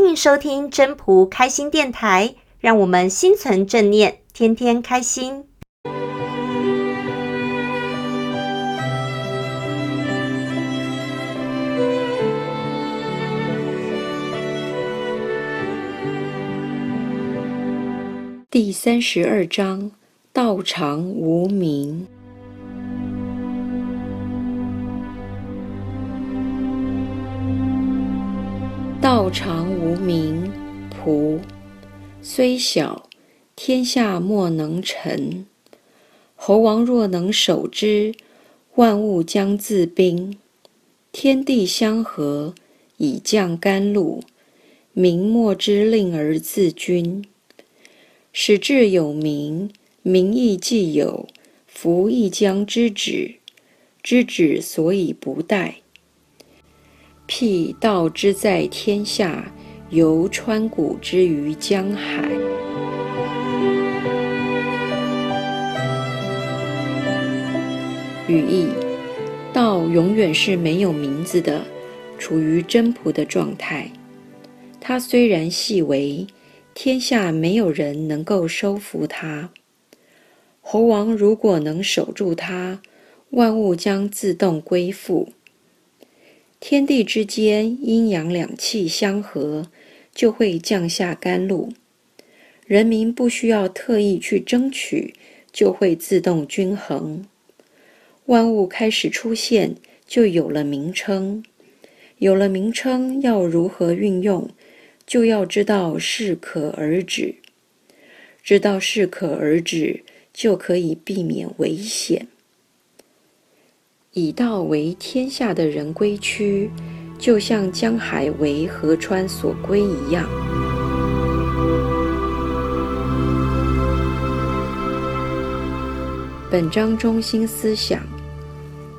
歡迎收聽真樸開心電臺，讓我們心存正念，天天開心。第三十二章：道常無名。道常無名樸，雖小，天下莫能臣。侯王若能守之，萬物將自賓。天地相合，以降甘露，民莫之令而自均。始制有名，名亦既有，夫亦將知止，知止所以不殆。闢道之在天下，猶川谷之於江海。語意道永遠是沒有名字的，處於真樸的狀態。它雖然細微，天下沒有人能夠收服它。侯王如果能守住它，萬物將自動歸附。天地之間，陰陽兩氣相合，就會降下甘露。人民不需要特意去爭取，就會自動均衡。萬物開始出現，就有了名稱。有了名稱，要如何運用，就要知道適可而止。知道適可而止，就可以避免危險。以道為天下的人歸趨，就像江海為河川所歸一樣。本章中心思想：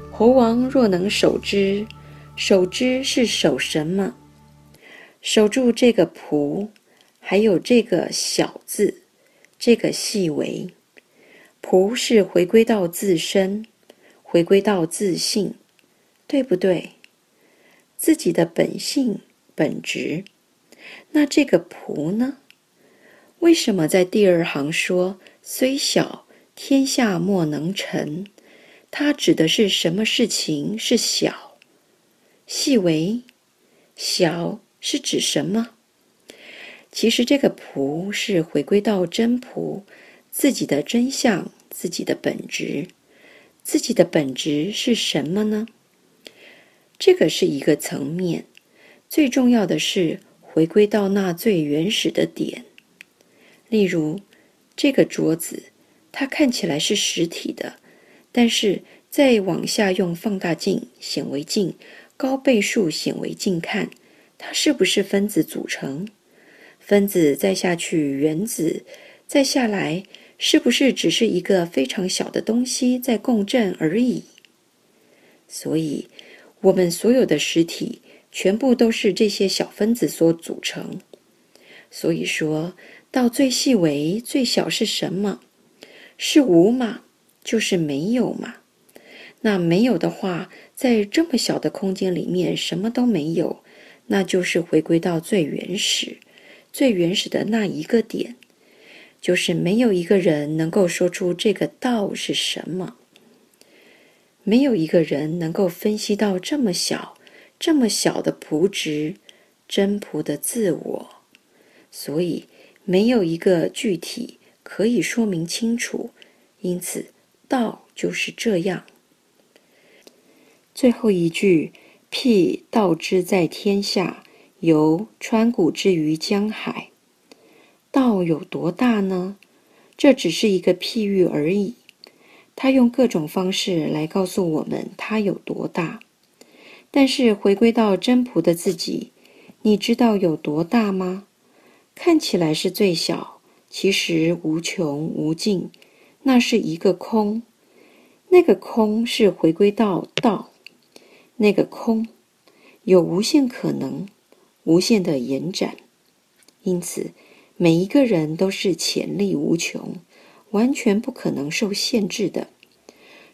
侯王若能守之，守之是守什麼？守住這個“樸”，還有這個“小”字，這個細微。樸是回歸到自身。回歸到自信，對不對？自己的本性、本質。那這個樸呢？為什麼在第二行說“雖小，天下莫能臣”？它指的是什麼事情是小、細微？小是指什麼？其實這個樸是回歸到真樸，自己的真相，自己的本質。自己的本質是什麼呢？這個是一個層面。最重要的是回歸到那最原始的點。例如，這個桌子，它看起來是實體的，但是再往下用放大鏡、顯微鏡、高倍數顯微鏡看，它是不是分子組成？分子再下去原子，再下來。是不是只是一個非常小的東西在共振而已？所以，我們所有的實體全部都是這些小分子所組成。所以說到最細微、最小是什麼？是無嘛？就是沒有嘛？那沒有的話，在這麼小的空間裡面什麼都沒有，那就是回歸到最原始、最原始的那一個點。就是沒有一個人能夠說出這個道是什麼，沒有一個人能夠分析到這麼小、這麼小的樸質真樸的自我，所以沒有一個具體可以說明清楚。因此，道就是這樣。最後一句：辟道之在天下，猶川谷之於江海。道有多大呢？這只是一個譬喻而已。他用各種方式來告訴我們它有多大。但是回歸到真樸的自己，你知道有多大嗎？看起來是最小，其實無窮無盡。那是一個空，那個空是回歸到道，那個空有無限可能，無限的延展。因此。每一個人都是潛力無窮，完全不可能受限制的。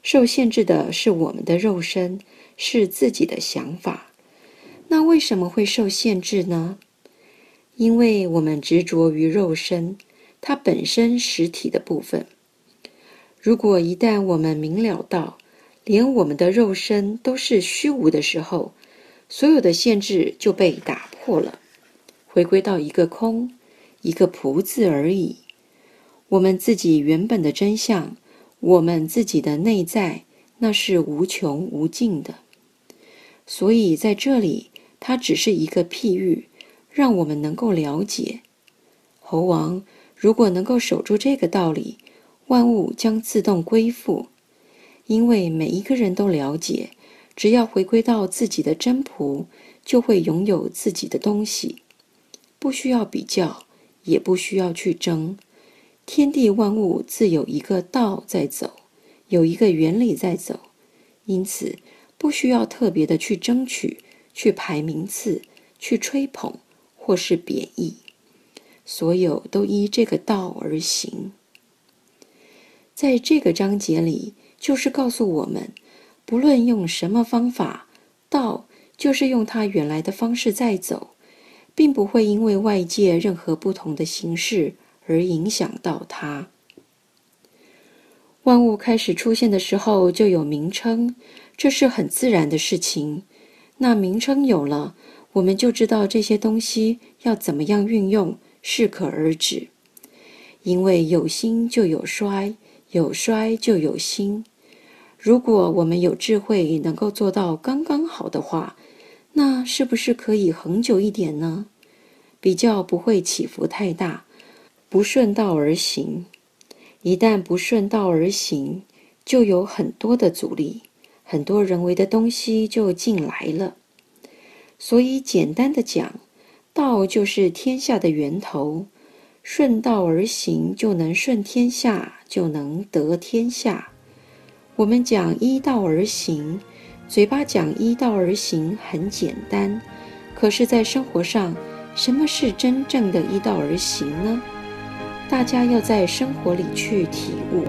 受限制的是我們的肉身，是自己的想法。那為什麼會受限制呢？因為我們執着於肉身，它本身實體的部分。如果一旦我們明了到，連我們的肉身都是虛無的時候，所有的限制就被打破了，回歸到一個空。一個樸字而已。我們自己原本的真相，我們自己的內在，那是無窮無盡的。所以在這裡，它只是一個譬喻，讓我們能夠了解。侯王如果能夠守住這個道理，萬物將自動歸附，因為每一個人都了解，只要回歸到自己的真樸，就會擁有自己的東西，不需要比較。也不需要去爭，天地萬物自有一個道在走，有一個原理在走，因此不需要特別的去爭取、去排名次、去吹捧或是貶義，所有都依這個道而行。在這個章節裡，就是告訴我們，不論用什麼方法，道就是用它原來的方式在走。並不會因為外界任何不同的形式而影響到它。萬物開始出現的時候就有名稱，這是很自然的事情。那名稱有了，我們就知道這些東西要怎麼樣運用，適可而止。因為有興就有衰，有衰就有興。如果我們有智慧，能夠做到剛剛好的話。那是不是可以恆久一點呢？比較不會起伏太大，不順道而行，一旦不順道而行，就有很多的阻力，很多人為的東西就進來了。所以簡單的講，道就是天下的源頭，順道而行就能順天下，就能得天下。我們講依道而行。嘴巴講依道而行很簡單，可是，在生活上，什麼是真正的依道而行呢？大家要在生活裡去體悟。